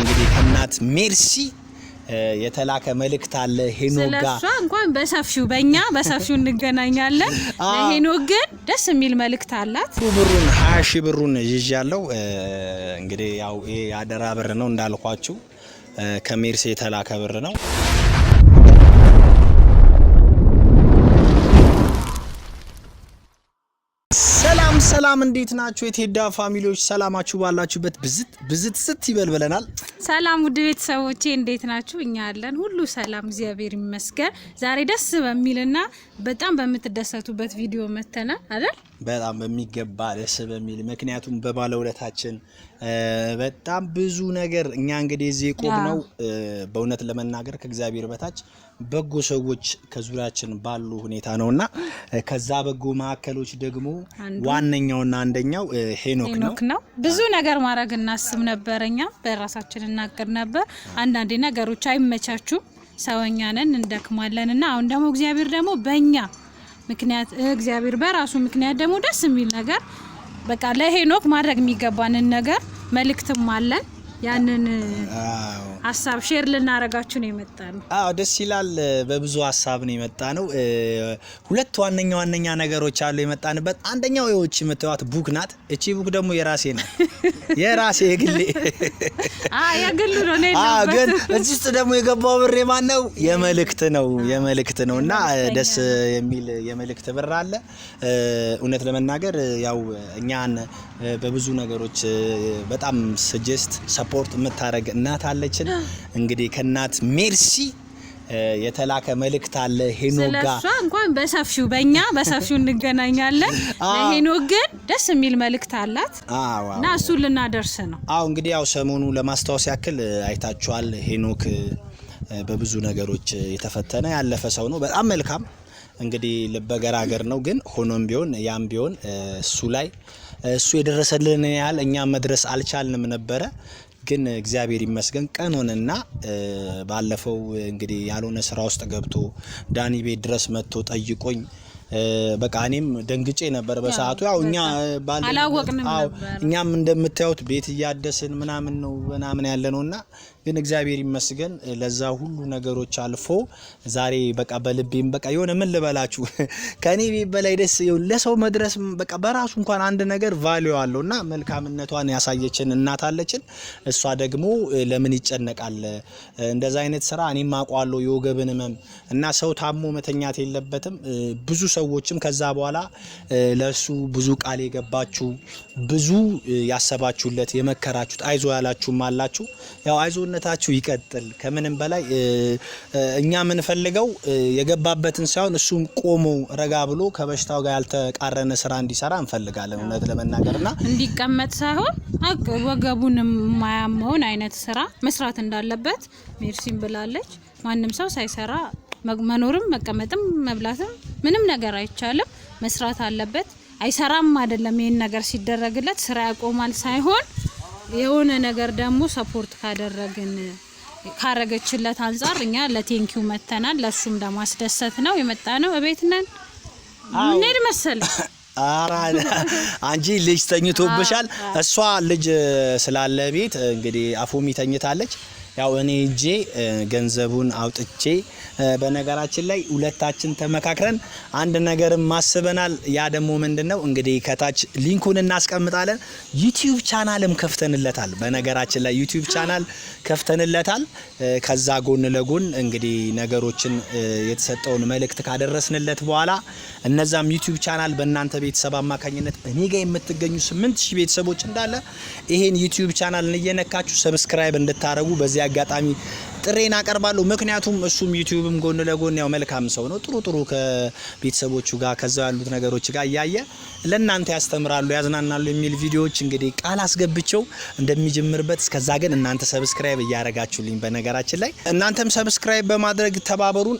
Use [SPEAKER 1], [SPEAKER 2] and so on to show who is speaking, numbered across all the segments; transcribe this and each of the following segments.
[SPEAKER 1] እንግዲህ እናት ሜርሲ የተላከ መልእክት አለ።
[SPEAKER 2] ሄኖክ ጋር ስለሷ እንኳን በሰፊው በእኛ በሰፊው እንገናኛለን። ሄኖክ ግን ደስ የሚል መልእክት አላት።
[SPEAKER 1] ብሩን ሀያ ሺህ ብሩን ይዣለሁ። እንግዲህ ያው ይሄ አደራ ብር ነው እንዳልኳችሁ ከሜርሴ የተላከ ብር ነው። ሰላም ሰላም፣ እንዴት ናችሁ የቴዳ ፋሚሊዎች? ሰላማችሁ ባላችሁበት ብዝት ብዝት ስት ይበል ብለናል።
[SPEAKER 2] ሰላም ውድ ቤተሰቦቼ እንዴት ናችሁ? እኛ ያለን ሁሉ ሰላም እግዚአብሔር ይመስገን። ዛሬ ደስ በሚልና በጣም በምትደሰቱበት ቪዲዮ መተናል አይደል?
[SPEAKER 1] በጣም በሚገባ ደስ በሚል ምክንያቱም በባለውለታችን በጣም ብዙ ነገር እኛ እንግዲህ እዚህ ቆም ነው። በእውነት ለመናገር ከእግዚአብሔር በታች በጎ ሰዎች ከዙሪያችን ባሉ ሁኔታ ነው እና ከዛ በጎ ማዕከሎች ደግሞ ዋነኛውና አንደኛው ሄኖክ ነው።
[SPEAKER 2] ብዙ ነገር ማድረግ እናስብ ነበር፣ እኛ በራሳችን እናቅድ ነበር። አንዳንዴ ነገሮች አይመቻቹም፣ ሰውኛ ነን፣ እንደክማለን እና አሁን ደግሞ እግዚአብሔር ደግሞ በእኛ ምክንያት እግዚአብሔር በራሱ ምክንያት ደግሞ ደስ የሚል ነገር በቃ ለሄኖክ ማድረግ የሚገባንን ነገር መልእክትም አለን ያንን ሀሳብ ሼር ልናረጋችሁ ነው የመጣ ነው።
[SPEAKER 1] አዎ ደስ ይላል። በብዙ ሀሳብ ነው የመጣ ነው። ሁለት ዋነኛ ዋነኛ ነገሮች አሉ የመጣንበት። አንደኛው የውጭ የምትዋት ቡክ ናት። እቺ ቡክ ደግሞ የራሴ ናት፣ የራሴ የግሌ የግሉ ነው። ግን እዚህ ውስጥ ደግሞ የገባው ብር የማን ነው? የመልእክት ነው፣ የመልእክት ነው እና ደስ የሚል የመልእክት ብር አለ። እውነት ለመናገር ያው እኛን በብዙ ነገሮች በጣም ስጀስት ሰፖርት የምታደረግ እናት አለችን። እንግዲህ ከእናት ሜርሲ የተላከ መልእክት አለ።
[SPEAKER 2] ሄኖክ ጋር ስለሷ እንኳን በሰፊው በእኛ በሰፊው እንገናኛለን። ሄኖክ ግን ደስ የሚል መልእክት አላት እና እሱን ልናደርስ ነው።
[SPEAKER 1] አዎ እንግዲህ ያው ሰሞኑ ለማስታወስ ያክል አይታችኋል። ሄኖክ በብዙ ነገሮች የተፈተነ ያለፈ ሰው ነው። በጣም መልካም እንግዲህ ልበገራገር ነው። ግን ሆኖም ቢሆን ያም ቢሆን እሱ ላይ እሱ የደረሰልን ያህል እኛ መድረስ አልቻልንም ነበረ ግን እግዚአብሔር ይመስገን ቀን ሆነና ባለፈው እንግዲህ ያልሆነ ስራ ውስጥ ገብቶ ዳኒ ቤት ድረስ መጥቶ ጠይቆኝ በቃ እኔም ደንግጬ ነበር በሰዓቱ። ያው እኛ ባለ እኛም እንደምታዩት ቤት እያደስን ምናምን ነው ምናምን ያለ እና ግን እግዚአብሔር ይመስገን ለዛ ሁሉ ነገሮች አልፎ ዛሬ በቃ በልቤም በቃ የሆነ ምን ልበላችሁ ከእኔ ቤት በላይ ደስ ለሰው መድረስ በቃ በራሱ እንኳን አንድ ነገር ቫሊዮ አለው እና መልካምነቷን ያሳየችን እናት አለችን። እሷ ደግሞ ለምን ይጨነቃል እንደዛ አይነት ስራ እኔም አውቀዋለሁ የወገብን ህመም እና ሰው ታሞ መተኛት የለበትም። ብዙ ሰዎችም ከዛ በኋላ ለእሱ ብዙ ቃል የገባችሁ ብዙ ያሰባችሁለት የመከራችሁት አይዞ ያላችሁም አላችሁ ያው አይዞነት እምነታችሁ ይቀጥል። ከምንም በላይ እኛ የምንፈልገው የገባበትን ሳይሆን እሱም ቆሞ ረጋ ብሎ ከበሽታው ጋር ያልተቃረነ ስራ እንዲሰራ እንፈልጋለን። እውነት ለመናገር ና
[SPEAKER 2] እንዲቀመጥ ሳይሆን ወገቡን የማያመውን አይነት ስራ መስራት እንዳለበት ሜርሲን ብላለች። ማንም ሰው ሳይሰራ መኖርም መቀመጥም መብላትም ምንም ነገር አይቻልም። መስራት አለበት። አይሰራም አይደለም። ይህን ነገር ሲደረግለት ስራ ያቆማል ሳይሆን የሆነ ነገር ደግሞ ሰፖርት ካደረግን ካረገችለት አንጻር እኛ ለቴንኪው መተናል። ለሱም ለማስደሰት ነው የመጣ ነው። እቤት ነን ምንሄድ መሰለ
[SPEAKER 1] አንጂ ልጅ ተኝቶብሻል። እሷ ልጅ ስላለ ቤት እንግዲህ አፎሚ ተኝታለች። ያው እኔ እጄ ገንዘቡን አውጥቼ በነገራችን ላይ ሁለታችን ተመካክረን አንድ ነገርም ማስበናል። ያ ደግሞ ምንድነው እንግዲህ ከታች ሊንኩን እናስቀምጣለን። ዩቲዩብ ቻናልም ከፍተንለታል። በነገራችን ላይ ዩቲዩብ ቻናል ከፍተንለታል። ከዛ ጎን ለጎን እንግዲህ ነገሮችን የተሰጠውን መልእክት ካደረስንለት በኋላ እነዛም ዩቲዩብ ቻናል በእናንተ ቤተሰብ አማካኝነት እኔ ጋር የምትገኙ ስምንት ሺህ ቤተሰቦች እንዳለ ይሄን ዩቲዩብ ቻናል እየነካችሁ ሰብስክራይብ እንድታደረጉ በዚያ አጋጣሚ ጥሬን አቀርባለሁ። ምክንያቱም እሱም ዩቲዩብም ጎን ለጎን ያው መልካም ሰው ነው። ጥሩ ጥሩ ከቤተሰቦቹ ጋር ከዛ ያሉት ነገሮች ጋር እያየ ለእናንተ ያስተምራሉ፣ ያዝናናሉ የሚል ቪዲዮዎች እንግዲህ ቃል አስገብቸው እንደሚጀምርበት እስከዛ ግን እናንተ ሰብስክራይብ እያረጋችሁልኝ፣ በነገራችን ላይ እናንተም ሰብስክራይብ በማድረግ ተባበሩን።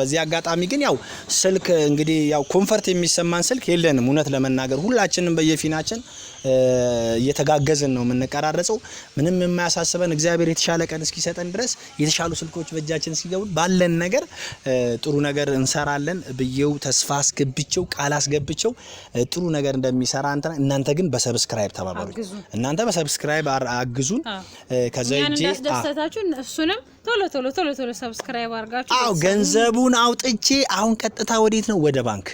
[SPEAKER 1] በዚህ አጋጣሚ ግን ያው ስልክ እንግዲህ ያው ኮንፈርት የሚሰማን ስልክ የለንም እውነት ለመናገር ሁላችንም በየፊናችን እየተጋገዝን ነው የምንቀራረጸው። ምንም የማያሳስበን እግዚአብሔር የተሻለ ቀን እስኪሰጠን ድረስ የተሻሉ ስልኮች በእጃችን እስኪገቡ ባለን ነገር ጥሩ ነገር እንሰራለን ብዬው ተስፋ አስገብቸው ቃል አስገብቸው ጥሩ ነገር እንደሚሰራ እንትና እናንተ ግን በሰብስክራይብ ተባበሩ። እናንተ በሰብስክራይብ አግዙን። ከዛ
[SPEAKER 2] እጄ እሱንም ቶሎ ቶሎ ቶሎ ቶሎ ሰብስክራይብ አርጋችሁ
[SPEAKER 1] አዎ፣ ገንዘቡን አውጥቼ አሁን ቀጥታ ወዴት ነው? ወደ ባንክ።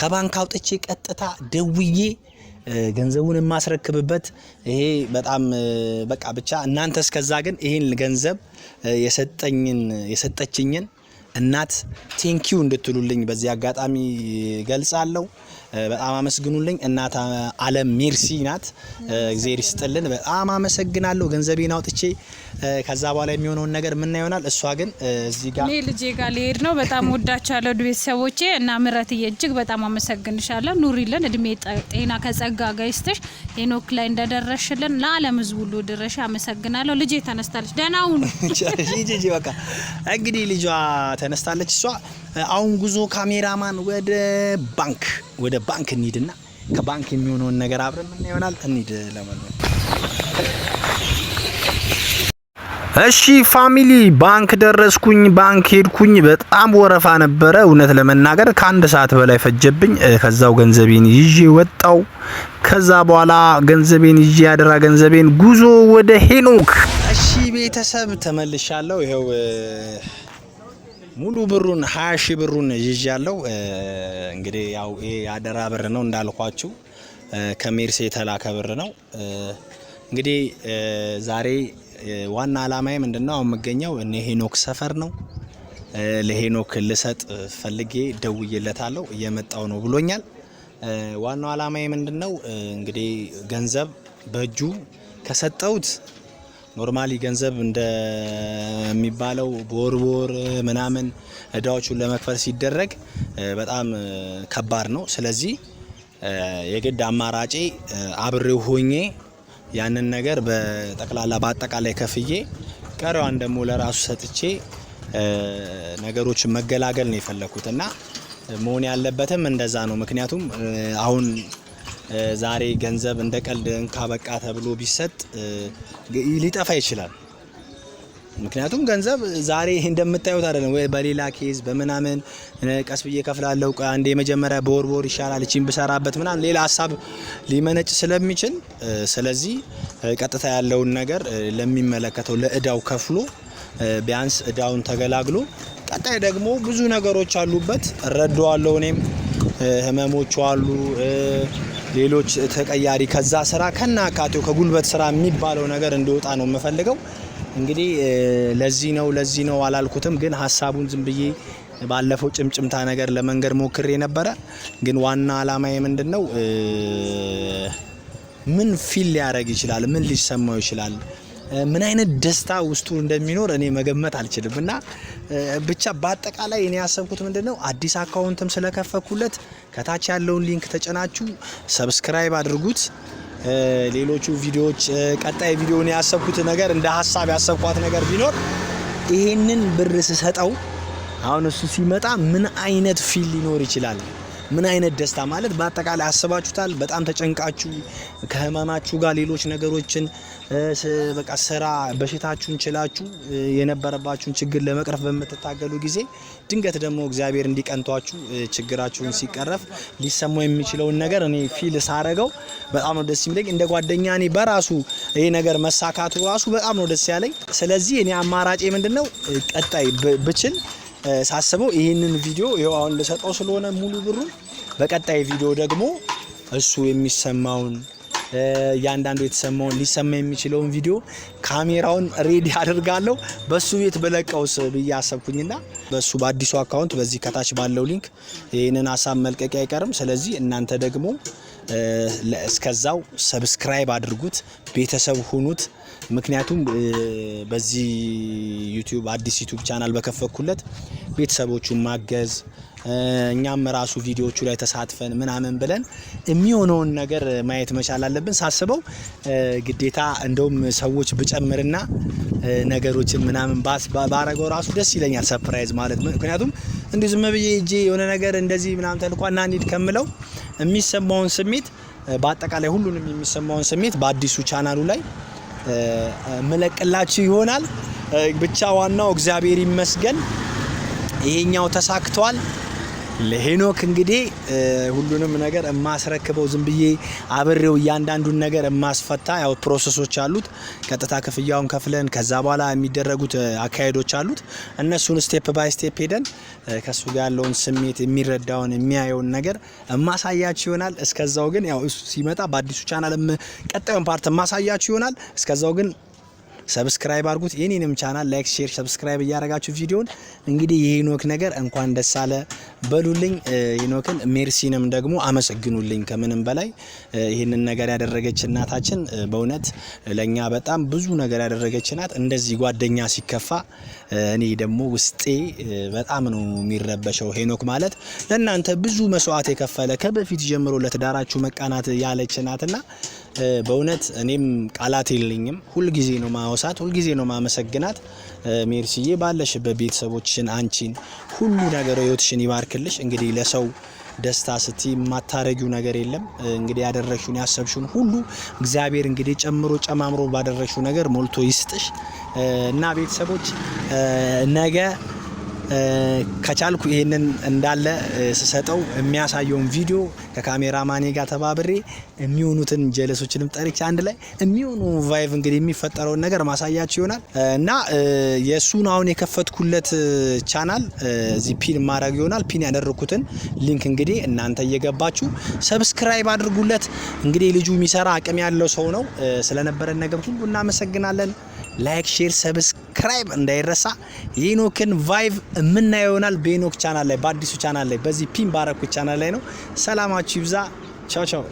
[SPEAKER 1] ከባንክ አውጥቼ ቀጥታ ደውዬ ገንዘቡን የማስረክብበት ይሄ በጣም በቃ ብቻ እናንተ እስከዛ ግን ይሄን ገንዘብ የሰጠኝን የሰጠችኝን እናት ቴንኪው እንድትሉልኝ በዚህ አጋጣሚ ገልጻለሁ። በጣም አመስግኑልኝ። እናት አለም ሜርሲ ናት። እግዜር ይስጥልን። በጣም አመሰግናለሁ። ገንዘቤን አውጥቼ ከዛ በኋላ የሚሆነውን ነገር ምን ይሆናል። እሷ ግን እዚህ ጋር
[SPEAKER 2] እኔ ልጄ ጋር ሊሄድ ነው። በጣም ወዳቻለሁ ወዳችኋለሁ ቤተሰቦቼ እና ምረትዬ እጅግ በጣም አመሰግንሻለሁ። ኑሪልን፣ እድሜ ጤና ከጸጋ ጋር ገይስተሽ ሄኖክ ላይ እንደደረሽልን ለአለም ህዝብ ሁሉ ድረሽ። አመሰግናለሁ። ልጄ ተነስታለች። ደህና ሁኑ።
[SPEAKER 1] በቃ እንግዲህ ልጇ ተነስታለች። እሷ አሁን ጉዞ ካሜራማን ወደ ባንክ ወደ ባንክ እንሂድና ከባንክ የሚሆነውን ነገር አብረን ምን ይሆናል እንሂድ ለመልመድ እሺ ፋሚሊ ባንክ ደረስኩኝ። ባንክ ሄድኩኝ። በጣም ወረፋ ነበረ። እውነት ለመናገር ከአንድ ሰዓት በላይ ፈጀብኝ። ከዛው ገንዘቤን ይዤ ወጣው። ከዛ በኋላ ገንዘቤን ይዤ ያደራ ገንዘቤን ጉዞ ወደ ሄኖክ። እሺ ቤተሰብ ተመልሻለሁ። ይኸው ሙሉ ብሩን ሀያ ሺህ ብሩን ይዣለሁ። እንግዲህ ያው ይሄ አደራ ብር ነው እንዳልኳችሁ ከሜርሴ የተላከ ብር ነው። እንግዲህ ዛሬ ዋና አላማዬ ምንድን ነው? የምገኘው እነ ሄኖክ ሰፈር ነው። ለሄኖክ ልሰጥ ፈልጌ ደውዬለታለሁ እየመጣው ነው ብሎኛል። ዋናው አላማዬ ምንድን ነው? እንግዲህ ገንዘብ በእጁ ከሰጠውት ኖርማሊ ገንዘብ እንደሚባለው ቦርቦር ምናምን እዳዎቹን ለመክፈል ሲደረግ በጣም ከባድ ነው። ስለዚህ የግድ አማራጬ አብሬው ሆኜ ያንን ነገር በጠቅላላ በአጠቃላይ ከፍዬ ቀሪዋን ደግሞ ለራሱ ሰጥቼ ነገሮችን መገላገል ነው የፈለኩት እና መሆን ያለበትም እንደዛ ነው። ምክንያቱም አሁን ዛሬ ገንዘብ እንደ ቀልድ እንካ በቃ ተብሎ ቢሰጥ ሊጠፋ ይችላል። ምክንያቱም ገንዘብ ዛሬ እንደምታዩት አይደለም ወይ በሌላ ኬዝ በምናምን ቀስ ብዬ ከፍላለሁ አንድ የመጀመሪያ በወር በወር ይሻላል እቺን ብሰራበት ምናምን ሌላ ሀሳብ ሊመነጭ ስለሚችል ስለዚህ ቀጥታ ያለውን ነገር ለሚመለከተው ለእዳው ከፍሎ ቢያንስ እዳውን ተገላግሎ ቀጣይ ደግሞ ብዙ ነገሮች አሉበት እረዳዋለሁ እኔም ህመሞቹ አሉ ሌሎች ተቀያሪ ከዛ ስራ ከና አካቴው ከጉልበት ስራ የሚባለው ነገር እንዲወጣ ነው የምፈልገው። እንግዲህ ለዚህ ነው ለዚህ ነው አላልኩትም፣ ግን ሀሳቡን ዝም ብዬ ባለፈው ጭምጭምታ ነገር ለመንገድ ሞክሬ ነበረ። ግን ዋና አላማዬ ምንድን ነው? ምን ፊል ሊያደርግ ይችላል? ምን ሊሰማው ይችላል? ምን አይነት ደስታ ውስጡ እንደሚኖር እኔ መገመት አልችልም። እና ብቻ በአጠቃላይ እኔ ያሰብኩት ምንድን ነው አዲስ አካውንትም ስለከፈኩለት ከታች ያለውን ሊንክ ተጭናችሁ ሰብስክራይብ አድርጉት። ሌሎቹ ቪዲዮዎች ቀጣይ ቪዲዮን ያሰብኩት ነገር እንደ ሀሳብ ያሰብኳት ነገር ቢኖር ይሄንን ብር ስሰጠው አሁን እሱ ሲመጣ ምን አይነት ፊል ሊኖር ይችላል ምን አይነት ደስታ ማለት በአጠቃላይ አስባችሁታል? በጣም ተጨንቃችሁ ከህመማችሁ ጋር ሌሎች ነገሮችን በቃ ስራ፣ በሽታችሁን ችላችሁ የነበረባችሁን ችግር ለመቅረፍ በምትታገሉ ጊዜ ድንገት ደግሞ እግዚአብሔር እንዲቀንቷችሁ ችግራችሁን ሲቀረፍ ሊሰማው የሚችለውን ነገር እኔ ፊል ሳረገው በጣም ነው ደስ የሚለኝ። እንደ ጓደኛ እኔ በራሱ ይሄ ነገር መሳካቱ ራሱ በጣም ነው ደስ ያለኝ። ስለዚህ እኔ አማራጭ ምንድን ነው ቀጣይ ብችል ሳስበው ይህንን ቪዲዮ ይኸው አሁን ልሰጠው ስለሆነ ሙሉ ብሩ በቀጣይ ቪዲዮ ደግሞ እሱ የሚሰማውን እያንዳንዱ የተሰማውን ሊሰማ የሚችለውን ቪዲዮ ካሜራውን ሬዲ አድርጋለሁ በሱ ቤት በለቀውስ ብዬ አሰብኩኝና በሱ በአዲሱ አካውንት በዚህ ከታች ባለው ሊንክ ይህንን ሀሳብ መልቀቅ አይቀርም። ስለዚህ እናንተ ደግሞ እስከዛው ሰብስክራይብ አድርጉት፣ ቤተሰብ ሁኑት። ምክንያቱም በዚህ ዩቲዩብ አዲስ ዩቲዩብ ቻናል በከፈትኩለት ቤተሰቦቹን ማገዝ እኛም ራሱ ቪዲዮቹ ላይ ተሳትፈን ምናምን ብለን የሚሆነውን ነገር ማየት መቻል አለብን። ሳስበው ግዴታ እንደውም ሰዎች ብጨምርና ነገሮችን ምናምን ባረገው ራሱ ደስ ይለኛል፣ ሰፕራይዝ ማለት ምክንያቱም እንዲሁ ዝም ብዬ እጄ የሆነ ነገር እንደዚህ ምናምን ተልኳ እና እንሂድ ከምለው የሚሰማውን ስሜት በአጠቃላይ ሁሉንም የሚሰማውን ስሜት በአዲሱ ቻናሉ ላይ ምለቅላችሁ ይሆናል። ብቻ ዋናው እግዚአብሔር ይመስገን ይሄኛው ተሳክቷል። ለሄኖክ እንግዲህ ሁሉንም ነገር የማስረክበው ዝም ብዬ አብሬው እያንዳንዱን ነገር የማስፈታ ያው ፕሮሰሶች አሉት። ቀጥታ ክፍያውን ከፍለን ከዛ በኋላ የሚደረጉት አካሄዶች አሉት። እነሱን ስቴፕ ባይ ስቴፕ ሄደን ከእሱ ጋር ያለውን ስሜት የሚረዳውን የሚያየውን ነገር የማሳያችሁ ይሆናል። እስከዛው ግን ያው እሱ ሲመጣ በአዲሱ ቻናል ቀጣዩን ፓርት የማሳያችሁ ይሆናል። እስከዛው ግን ሰብስክራይብ አድርጉት። የኔንም ቻናል ላይክ፣ ሼር፣ ሰብስክራይብ እያደረጋችሁ ቪዲዮን እንግዲህ የሄኖክ ነገር እንኳን ደስ አለ በሉልኝ። ሄኖክን ሜርሲንም ደግሞ አመሰግኑልኝ። ከምንም በላይ ይህንን ነገር ያደረገች እናታችን በእውነት ለእኛ በጣም ብዙ ነገር ያደረገች ናት። እንደዚህ ጓደኛ ሲከፋ እኔ ደግሞ ውስጤ በጣም ነው የሚረበሸው። ሄኖክ ማለት ለእናንተ ብዙ መስዋዕት የከፈለ ከበፊት ጀምሮ ለትዳራችሁ መቃናት ያለች ናትና በእውነት እኔም ቃላት የለኝም። ሁልጊዜ ነው ማወሳት፣ ሁልጊዜ ነው ማመሰግናት። ሜርሲዬ ባለሽበት ቤተሰቦችን አንቺን፣ ሁሉ ነገር ህይወትሽን ይባርክልሽ። እንግዲህ ለሰው ደስታ ስቲ የማታረጊው ነገር የለም። እንግዲህ ያደረግሽውን ያሰብሽውን ሁሉ እግዚአብሔር እንግዲህ ጨምሮ ጨማምሮ ባደረግሽው ነገር ሞልቶ ይስጥሽ እና ቤተሰቦች ነገ ከቻልኩ ይህንን እንዳለ ስሰጠው የሚያሳየውን ቪዲዮ ከካሜራ ማኔ ጋር ተባብሬ የሚሆኑትን ጀለሶችንም ጠርቼ አንድ ላይ የሚሆኑ ቫይቭ እንግዲህ የሚፈጠረውን ነገር ማሳያቸው ይሆናል እና የእሱን አሁን የከፈትኩለት ቻናል እዚህ ፒን ማድረግ ይሆናል። ፒን ያደረግኩትን ሊንክ እንግዲህ እናንተ እየገባችሁ ሰብስክራይብ አድርጉለት። እንግዲህ ልጁ የሚሰራ አቅም ያለው ሰው ነው። ስለነበረን ነገር ሁሉ እናመሰግናለን። ላይክ፣ ሼር፣ ሰብስክ ሰብስክራይብ እንዳይረሳ። የኢኖክን ቫይቭ የምናየው ይሆናል በኢኖክ ቻናል ላይ በአዲሱ ቻናል ላይ በዚህ ፒን ባረኩ ቻናል ላይ ነው። ሰላማችሁ ይብዛ። ቻው ቻው።